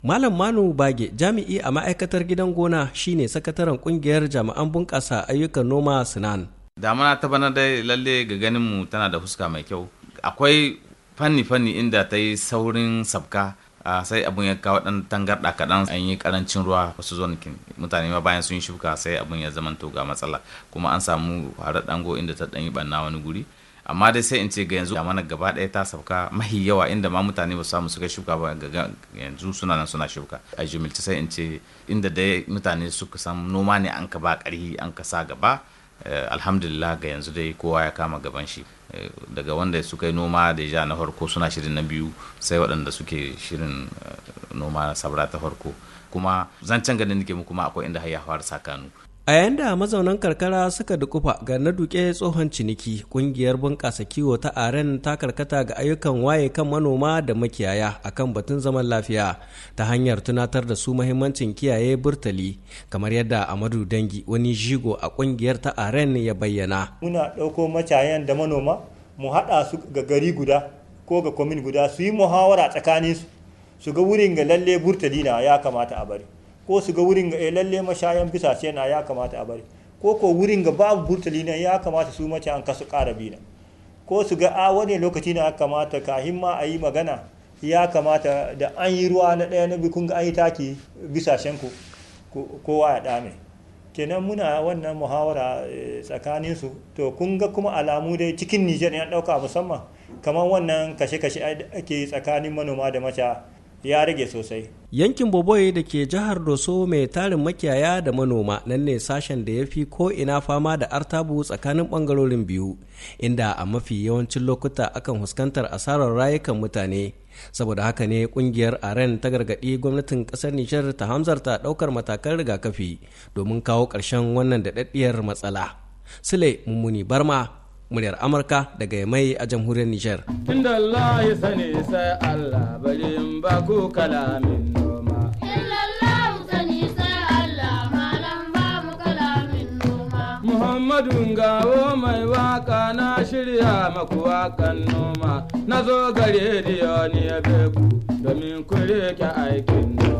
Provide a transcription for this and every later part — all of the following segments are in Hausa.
Malam Manu Bage jami'i a ma'aikatar gidan gona shine sakataren kungiyar jami'an bunƙasa ayyukan noma Sinan. Damana ta bana dai lalle ga ganin mu tana da fuska mai kyau. Akwai fanni-fanni inda ta yi saurin sabka sai abun ya kawo ɗan tangarɗa kaɗan an yi karancin ruwa wasu zonakin mutane ma bayan sun shuka sai abun ya zama to ga matsala kuma an samu harar dango inda ta ɗan yi ɓanna wani guri. amma dai sai in ce ga yanzu damanar gaba ɗaya ta sauka mahi yawa inda ma mutane ba samu suka shuka ba ga yanzu suna nan suna shuka a jimilci sai in ce inda dai mutane suka san noma ne an ka ba ƙarhi an ka sa gaba eh, alhamdulillah ga yanzu dai kowa ya kama gaban shi eh, daga wanda suka yi noma da ja na farko suna shirin na biyu sai waɗanda suke shirin eh, noma sabra ta farko kuma zancen ganin nake muku ma akwai inda har ya fara a yayin da mazaunan karkara suka dukufa ga na duke tsohon ciniki kungiyar bunƙasa kiwo ta aren ta karkata ga ayyukan waye kan manoma da makiyaya akan batun zaman lafiya ta hanyar tunatar da su mahimmancin kiyaye burtali kamar yadda amadu dangi wani jigo a kungiyar ta aren ya bayyana muna ɗauko matayan da manoma mu haɗa su ga gari guda ko ga kwamin guda su yi muhawara tsakaninsu su ga wurin ga lalle burtali na ya kamata a bari ko su ga wurin ga eh, lalle mashayan bisashe na ya kamata a bari ko ko wurin ga babu burtali na ya kamata su mace an kasu kara bi ko su ga a wani lokaci na kamata kahin himma a yi magana ya kamata da an yi ruwa na ɗaya na bikun ga an yi taki bisashen ku kowa ya ɗame kenan muna wannan muhawara eh, tsakanin su to kun ga kuma alamu dai cikin nijar ya ɗauka musamman kamar wannan kashe-kashe ake tsakanin manoma da maca ya rage sosai yankin boboi da ke jihar doso mai tarin makiyaya da manoma nan ne sashen da ya fi ko ina fama da artabu tsakanin bangarorin biyu inda a mafi yawancin lokuta akan huskantar asarar rayukan mutane saboda haka ne kungiyar aren ta gargaɗi gwamnatin ƙasar nijar ta hamzarta ɗaukar matakan rigakafi domin kawo ƙarshen wannan daɗaɗɗiyar matsala sule mummuni barma muryar Amurka daga Yamai a jamhuriyar Nijar. Inda Allah ya sani sai Allah bari in ba ku kalamin noma. Muhammadu gawo mai waƙa na shirya maku wakan noma, na zo gare ni ya beku domin ku rike aikin noma.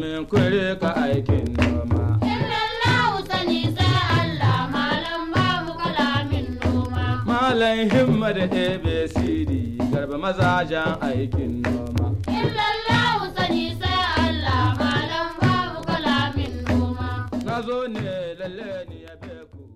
min kure ka aikin noma. Illallahu sani sai Allah malam babu kalamin noma. Malam himma da ABCD garba mazajen aikin noma. Illallahu sani sai Allah malam babu kalamin noma. Na zo ne lalle ni ya beku.